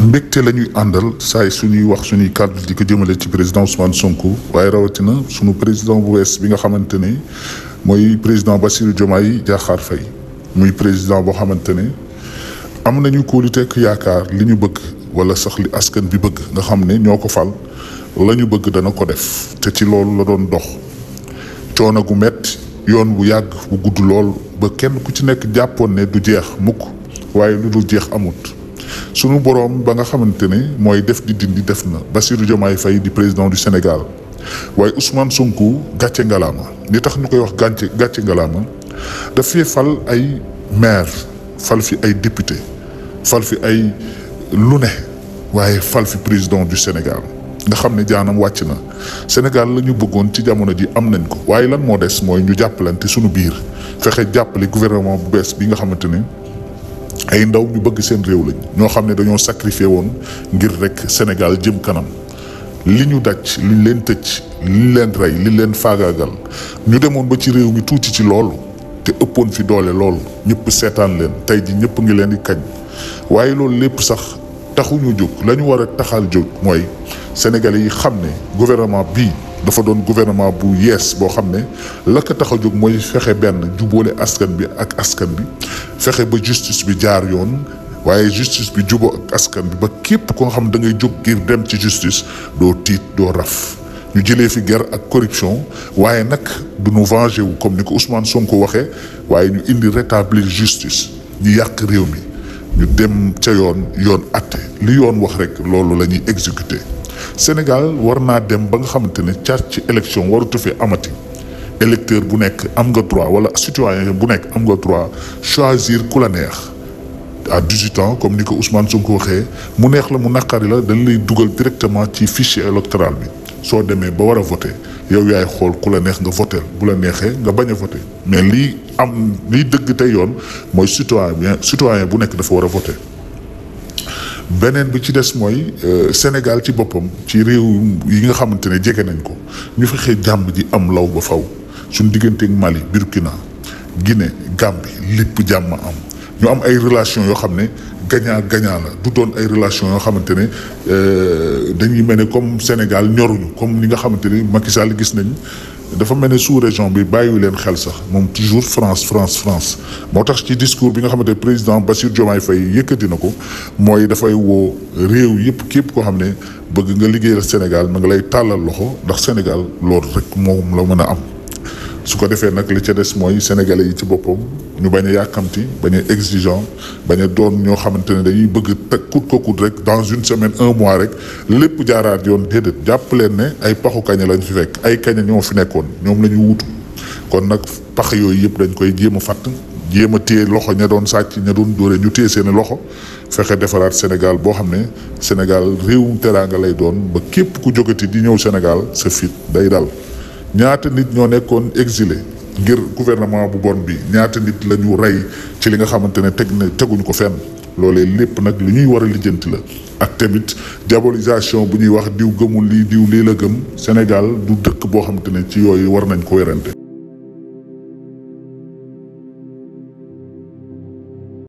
mbégte la ñuy àndal saay suñuy wax suñuy kàddu di ko jëmale ci président Ousmane Sonko waaye rawatina suñu président bu wees bi nga xamante ne mooy président Bassirou Diomaye Diakhar Faye muy président boo xamante ne am nañu kóoluteeg yaakaar li ñu bëgg wala sax li askan bi bëgg nga xam ne ñoo ko fal la ñu bëgg dana ko def te ci loolu la doon dox coono gu metti yoon bu yàgg bu gudd lool ba kenn ku ci nekk jàppoon ne du jeex mukk waaye lu dul jeex amut sunu boroom ba nga xamante ne mooy def di dindi def na Bassirou Diomaye fay di président du Sénégal waaye Ousmane Sonko gàcce ngalaama li tax ñu koy wax gàcce gàcce ngalaama daf fee fal ay maire fal fi ay député fal fi ay lu ne waaye fal fi président du Sénégal nga xam ne jaanam wàcc na Sénégal lañu bëggoon ci jamono ji am nañ ko waaye lan moo des mooy ñu jàppalante suñu biir fexe jàppale gouvernement bu bees bi nga xamante ne ay ndaw ñu bëgg seen réew lañ ñoo xam ne dañoo sacrifié woon ngir rekk Sénégal jëm kanam li ñu daj li ñu leen tëj li leen rey li leen faagaagal ñu demoon ba ci réew mi tuuti ci loolu te ëppoon fi doole loolu ñëpp seetaan leen tey ji ñëpp ngi leen di kañ waaye loolu lépp sax taxuñu jóg la ñu war a taxal jóg mooy sénégalais yi xam ne gouvernement bii dafa doon gouvernement bu yees boo xam ne la ko tax a jóg mooy fexe benn jubóole askan bi ak askan bi fexe ba justice bi jaar yoon waaye justice bi juboo ak askan bi ba képp koo xam da ngay jóg ngir dem ci justice doo tiit doo raf ñu jëlee fi guerre ak corruption waaye nag du ñu venger wu comme ni ko Ousmane ko waxee waaye ñu indi rétablir justice ñu yàq réew mi ñu dem ca yoon yoon àtte li yoon wax rek loolu la ñuy exécuter Sénégal war naa dem ba nga xamante ne caas ci élection waratu fi amati électeur bu nekk am nga droit wala citoyen bu nekk am nga droit choisir ku la neex à 18 ans comme ni ko Ousmane ko waxee mu neex la mu naqari la dañ lay dugal directement ci fichier électoral bi soo demee ba war a voter yow yaay xool ku la neex nga voter bu la neexee nga bañ a voter mais lii am lii dëgg te yoon mooy citoyen citoyen bu nekk dafa war a voter beneen bi ci des mooy euh, Sénégal ci boppam ci réew yi nga xamante ne jege nañ ko ñu fexee jàmm ji am law ba faw suñ digganteeg Mali Burkina gine Gambie lépp jàmm am ñu am ay relation yoo xam ne gagnant gañaa la du doon ay relation yoo xamante ne euh, dañuy mel ne comme Sénégal ñoruñu comme li nga xamante ne Macky Sall gis nañ dafa mel ne sous région bi bàyyiwu leen xel sax moom toujours France France France moo tax ci discours bi nga xamante ne président Bassirou Diomaye fay yëkkati na ko mooy dafay woo réew yëpp képp koo xam ne bëgg nga liggéeyal Sénégal ma nga lay tàllal loxo ndax Sénégal loolu rek moom la mën a am. su ko defee nag li ca des mooy sénégalais yi ci boppam ñu bañ a yàkkamti bañ a exigeant bañ a doon ñoo xamante ne dañuy bëgg teg kut ko kut rek dans une semaine un mois rek lépp jaaraat yoon déedéet jàpp leen ne ay paxu kaña lañ fi fekk ay kaña ñoo fi nekkoon ñoom la ñu wutu kon nag pax yooyu yëpp dañ koy jéem a fàtt jéem a téye loxo ña doon sàcc ña doon dóore ñu téye seen loxo fexe defaraat Sénégal boo xam ne Sénégal réewum teraanga lay doon ba képp ku jógati di ñëw Sénégal sa fit day ñaata nit ñoo nekkoon exilé ngir gouvernement bu bon bi ñaata nit la ñu rey ci li nga xamante ne teg na teguñu ko fenn loolee lépp nag li ñuy war a lijjanti la ak tamit diabolisation bu ñuy wax diw gëmul lii diw lii la gëm Sénégal du dëkk boo xamante ne ci yooyu war nañ ko werante